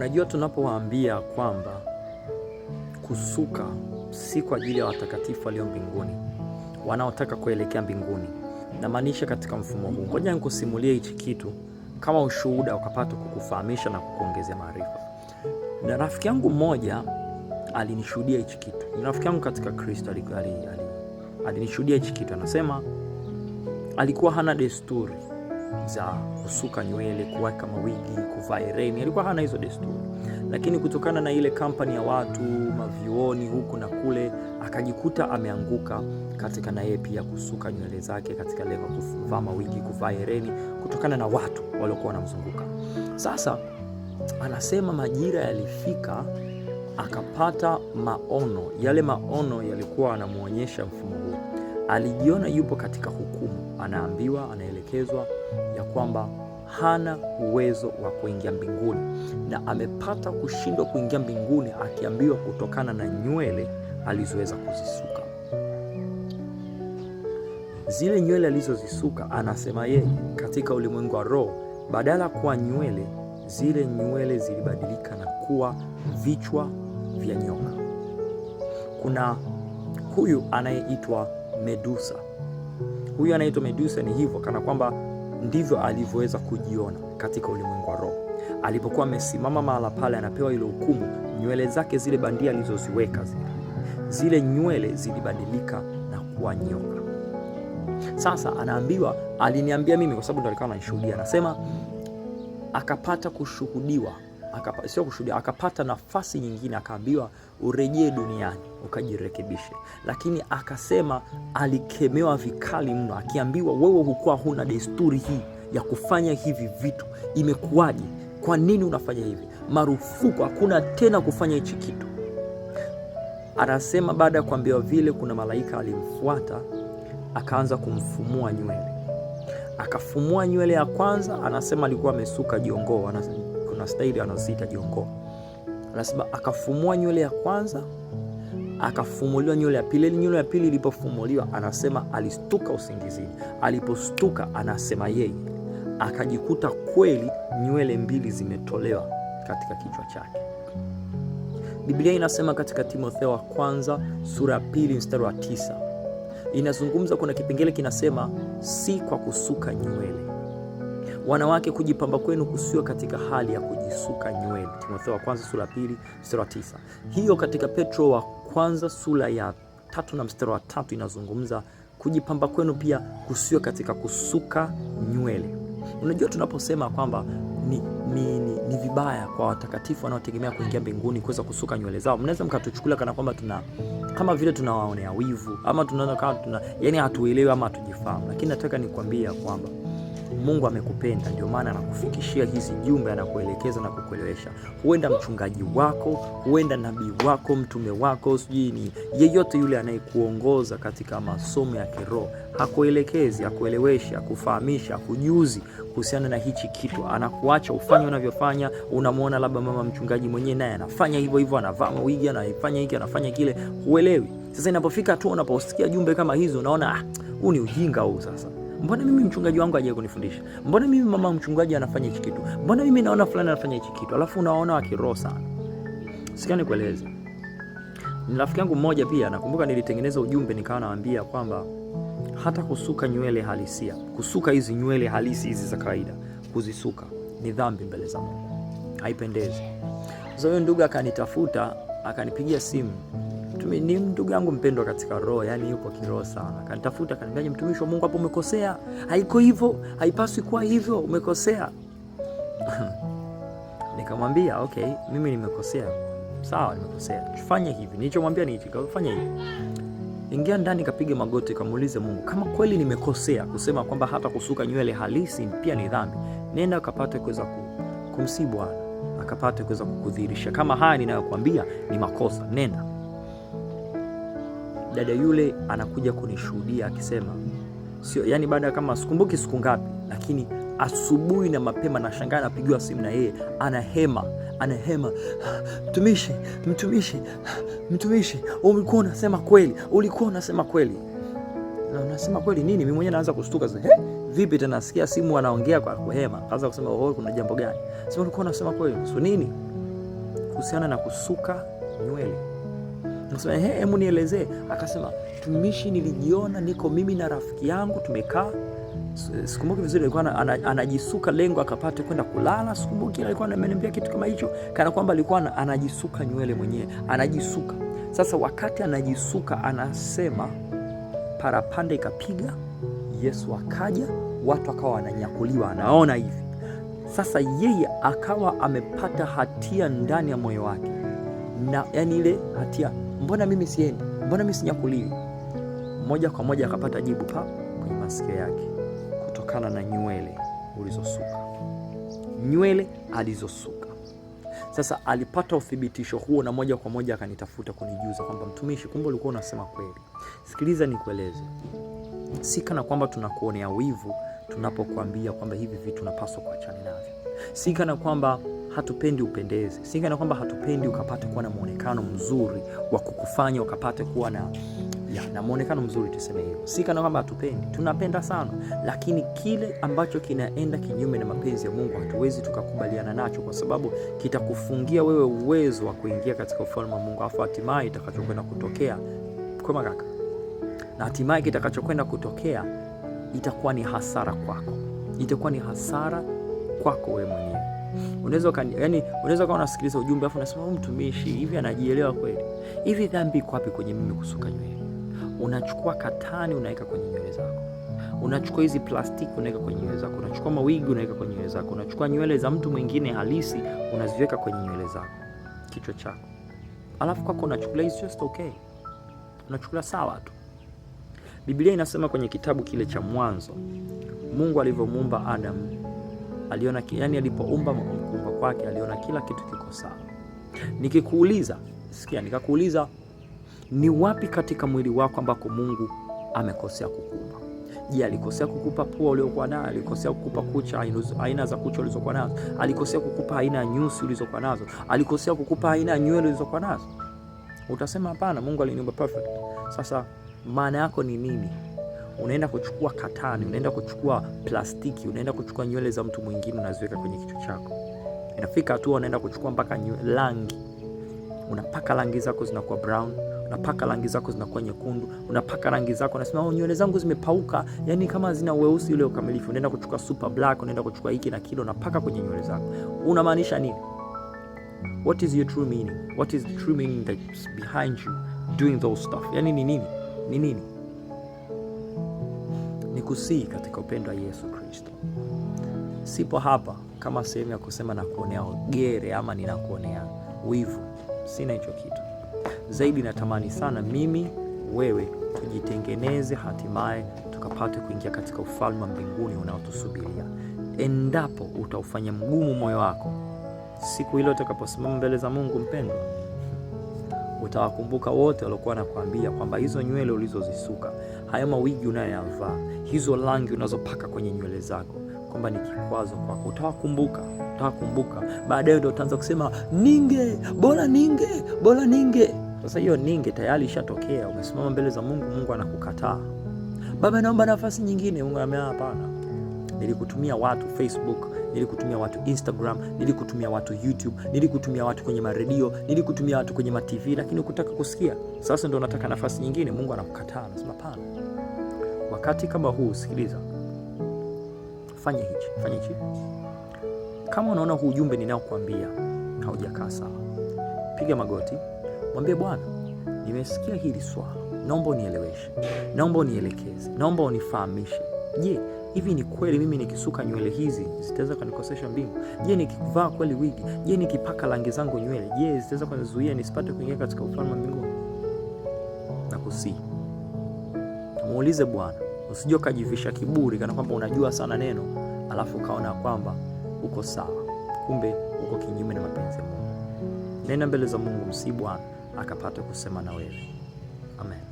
Unajua, tunapowaambia kwamba kusuka si kwa ajili ya watakatifu walio mbinguni, wanaotaka kuelekea mbinguni, namaanisha katika mfumo huu. Ngoja nikusimulie hichi kitu kama ushuhuda, ukapata kukufahamisha na kukuongezea maarifa. Na rafiki yangu mmoja alinishuhudia hichi kitu, ni rafiki yangu katika Kristo, alinishuhudia hichi kitu. Anasema alikuwa hana desturi za kusuka nywele, kuweka mawigi, kuvaa ereni alikuwa hana hizo desturi, lakini kutokana na ile kampani ya watu mavyuoni huku na kule, akajikuta ameanguka katika na yeye pia kusuka nywele zake katika leo kuvaa mawigi, kuvaa ereni kutokana na watu waliokuwa wanamzunguka. Sasa anasema majira yalifika, akapata maono. Yale maono yalikuwa anamwonyesha mfumo huu alijiona yupo katika hukumu, anaambiwa, anaelekezwa ya kwamba hana uwezo wa kuingia mbinguni na amepata kushindwa kuingia mbinguni, akiambiwa kutokana na nywele alizoweza kuzisuka. Zile nywele alizozisuka, anasema yeye, katika ulimwengu wa roho, badala ya kuwa nywele, zile nywele zilibadilika na kuwa vichwa vya nyoka. Kuna huyu anayeitwa Medusa. Huyu anaitwa Medusa ni hivyo, kana kwamba ndivyo alivyoweza kujiona katika ulimwengu wa roho. Alipokuwa amesimama mahala pale, anapewa ile hukumu, nywele zake zile bandia alizoziweka zile zile nywele zilibadilika na kuwa nyoka. Sasa anaambiwa, aliniambia mimi, kwa sababu ndo alikuwa ananishuhudia, anasema akapata kushuhudiwa sio kushuhudia, akapata nafasi nyingine, akaambiwa urejee duniani ukajirekebishe, lakini akasema, alikemewa vikali mno, akiambiwa wewe hukuwa huna desturi hii ya kufanya hivi vitu, imekuwaje? Kwa nini unafanya hivi? Marufuku, hakuna tena kufanya hichi kitu. Anasema baada ya kuambiwa vile, kuna malaika alimfuata akaanza kumfumua nywele, akafumua nywele ya kwanza. Anasema alikuwa amesuka jongoo kuna staili jongo. Anasema akafumua nywele ya kwanza, akafumuliwa nywele ya pili. Nywele ya pili ilipofumuliwa, anasema alistuka usingizini. Alipostuka anasema yeye akajikuta kweli nywele mbili zimetolewa katika kichwa chake. Biblia inasema katika Timotheo wa kwanza sura ya pili mstari wa tisa inazungumza, kuna kipengele kinasema si kwa kusuka nywele Wanawake, kujipamba kwenu kusiwe katika hali ya kujisuka nywele. Timotheo wa kwanza sura pili mstari wa tisa. Hiyo katika Petro wa kwanza sura ya tatu na mstari wa tatu inazungumza kujipamba kwenu pia kusiwe katika kusuka nywele. Unajua, tunaposema kwamba ni, ni, ni, ni vibaya kwa watakatifu wanaotegemea kuingia mbinguni kuweza kusuka nywele zao, mnaweza mkatuchukulia kana kwamba tuna kama vile tunawaonea wivu ama tunaona kama tuna, yani hatuelewi ama hatujifahamu, lakini nataka nikwambie ya kwamba Mungu amekupenda, ndio maana anakufikishia hizi jumbe, anakuelekeza na kukuelewesha. Huenda mchungaji wako, huenda nabii wako, mtume wako, sijui ni yeyote yule anayekuongoza katika masomo ya kiroho, hakuelekezi, akueleweshi, akufahamisha, akujuzi kuhusiana na hichi kitu. Anakuacha ufanye unavyofanya. Unamwona labda mama mchungaji mwenyewe naye anafanya hivyo hivyo, anavaa mawigi, anafanya hiki, anafanya kile, huelewi. Sasa inapofika tu unaposikia jumbe kama hizo, unaona ah, huu ni ujinga huu sasa mbona mimi mchungaji wangu aje kunifundisha? Mbona mimi mama mchungaji anafanya hichi kitu? Mbona mimi naona fulani anafanya hichi kitu? Alafu unawaona wa kiroho sana. Sikia nikueleze, ni rafiki yangu mmoja pia, nakumbuka nilitengeneza ujumbe nikawa nawaambia kwamba hata kusuka nywele halisia, kusuka hizi nywele halisi hizi za kawaida, kuzisuka ni dhambi mbele za Mungu, haipendezi. Sasa huyo ndugu akanitafuta, akanipigia simu mtumi, ni ndugu yangu mpendwa katika roho, yani yuko kiroho sana. Kanitafuta kaniambia, mtumishi wa Mungu, hapo umekosea, haiko hivyo, haipaswi kuwa hivyo, umekosea. Nikamwambia okay, mimi nimekosea, sawa, nimekosea, fanya hivi. Nilichomwambia ni hivi, fanya hivi, ingia ndani, kapige magoti, kamuulize Mungu kama kweli nimekosea kusema kwamba hata kusuka nywele halisi pia ni dhambi. Nenda akapate kuweza kumsihi Bwana akapate kuweza kukudhihirisha kama haya ninayokuambia ni makosa, nenda dada yule anakuja kunishuhudia akisema sio, yani baada ya kama sikumbuki siku ngapi, lakini asubuhi na mapema na shangaa anapigiwa simu na yeye anahema anahema, mtumishi, mtumishi, mtumishi, ulikuwa unasema kweli, ulikuwa unasema kweli na unasema kweli nini? Mimi mwenyewe naanza kushtuka sasa, eh, vipi tena? Nasikia simu anaongea kwa kuhema, kaanza kusema oh, kuna jambo gani? Sema ulikuwa unasema kweli, so nini kuhusiana na kusuka nywele Nasema ehe, hebu nielezee. Akasema tumishi, nilijiona niko mimi na rafiki yangu tumekaa sikumbuki vizuri, alikuwa anajisuka lengo akapata kwenda kulala. Sikumbuki alikuwa ameniambia kitu kama hicho, kana kwamba alikuwa anajisuka nywele mwenyewe, anajisuka. Sasa wakati anajisuka, anasema parapanda ikapiga, Yesu akaja, watu akawa wananyakuliwa, anaona hivi. Sasa yeye akawa amepata hatia ndani ya moyo wake, na yani ile hatia mbona mimi siendi? Mbona mimi sinyakuliwi? Moja kwa moja akapata jibu pa kwenye masikio yake, kutokana na nywele ulizosuka, nywele alizosuka. Sasa alipata uthibitisho huo, na moja kwa moja akanitafuta kunijuza kwamba mtumishi, kumbe ulikuwa unasema kweli. Sikiliza nikueleze, si kana kwamba tunakuonea wivu tunapokuambia kwamba hivi vitu unapaswa kuachana navyo, si kana kwamba hatupendi upendeze. Singa na kwamba hatupendi ukapate kuwa na mwonekano mzuri wa kukufanya ukapate kuwa na ya, na mwonekano mzuri tuseme hivyo. Si kana kwamba hatupendi, tunapenda sana, lakini kile ambacho kinaenda kinyume na mapenzi ya Mungu hatuwezi tukakubaliana nacho, kwa sababu kitakufungia wewe uwezo wa kuingia katika ufalme wa Mungu, afu hatimaye itakachokwenda kutokea kwa kaka, na hatimaye kitakachokwenda kutokea itakuwa ni hasara kwako, itakuwa ni hasara kwako wewe mwenyewe. Unaweza kani, yani, unaweza kuwa unasikiliza ujumbe afu unasema huyu oh, mtumishi hivi anajielewa kweli? Hivi dhambi iko wapi kwenye mimi kusuka nywele? Unachukua katani unaweka kwenye nywele zako, unachukua hizi plastiki unaweka kwenye nywele zako, unachukua mawigi unaweka kwenye nywele zako, unachukua nywele za mtu mwingine halisi unaziweka kwenye nywele zako, kichwa chako, alafu kwako unachukulia it's just okay, unachukulia sawa tu. Biblia inasema kwenye kitabu kile cha Mwanzo Mungu alivyomuumba Adamu aliona yani, alipoumba kuumba kwake aliona kila kitu kiko sawa. Nikikuuliza sikia, nikakuuliza ni wapi katika mwili wako ambako Mungu amekosea kukupa? Je, alikosea kukupa pua uliokuwa nayo? Alikosea kukupa kucha, aina za kucha ulizokuwa nazo? Alikosea kukupa aina ya nyusi ulizokuwa nazo? Alikosea kukupa aina ya nywele ulizokuwa nazo? Utasema hapana, Mungu aliniumba perfect. Sasa maana yako ni nini? unaenda kuchukua katani, unaenda kuchukua plastiki, unaenda kuchukua nywele za mtu mwingine unaziweka kwenye kichwa chako. Inafika hatua unaenda kuchukua mpaka rangi, unapaka rangi zako zinakuwa brown, unapaka rangi zako zinakuwa nyekundu, unapaka rangi zako, unasema oh, nywele zangu zimepauka, yani kama zina weusi ule ukamilifu. Unaenda kuchukua super black, unaenda kuchukua hiki na kile, unapaka kwenye nywele zako. Unamaanisha nini? What is your true meaning? What is the true meaning that's behind you doing those stuff? Yani ni nini? Ni nini? ni kusii katika upendo wa Yesu Kristo, sipo hapa kama sehemu ya kusema nakuonea gere ama ninakuonea wivu. Sina hicho kitu. Zaidi natamani sana mimi wewe tujitengeneze, hatimaye tukapate kuingia katika ufalme wa mbinguni unaotusubiria. Endapo utaufanya mgumu moyo wako, siku ile utakaposimama mbele za Mungu, mpendwa, utawakumbuka wote waliokuwa wanakuambia kwamba hizo nywele ulizozisuka haya mawigi unayoyavaa, hizo rangi unazopaka kwenye nywele zako, kwamba ni kikwazo kwako. Utawakumbuka, utawakumbuka baadaye, ndio utaanza kusema ninge bora, ninge bora, ninge. Sasa hiyo ninge tayari ishatokea, umesimama mbele za Mungu, Mungu anakukataa. Baba, naomba nafasi nyingine. Mungu amea, hapana, nilikutumia watu Facebook, nilikutumia watu Instagram, nilikutumia watu YouTube, nilikutumia watu kwenye maredio, nilikutumia watu kwenye matv, lakini ukutaka kusikia. Sasa ndo nataka nafasi nyingine. Mungu anakukataa, anasema hapana wakati kama huu, sikiliza, fanya hichi, fanya hichi. Kama unaona huu ujumbe ninaokuambia haujakaa sawa, piga magoti, mwambie Bwana, nimesikia hili swala, naomba unieleweshe, naomba unielekeze, naomba unifahamishe. Je, hivi ni kweli mimi nikisuka nywele hizi zitaweza kunikosesha mbingu? Je, nikivaa kweli wigi? Je, nikipaka rangi zangu nywele, je, zitaweza kunizuia nisipate kuingia katika ufalme wa mbinguni? Nakusii Muulize Bwana, usije ukajivisha kiburi kana kwamba unajua sana neno alafu ukaona kwamba uko sawa, kumbe uko kinyume na mapenzi ya Mungu. Nenda mbele za Mungu, msi Bwana akapata kusema na wewe. Amen.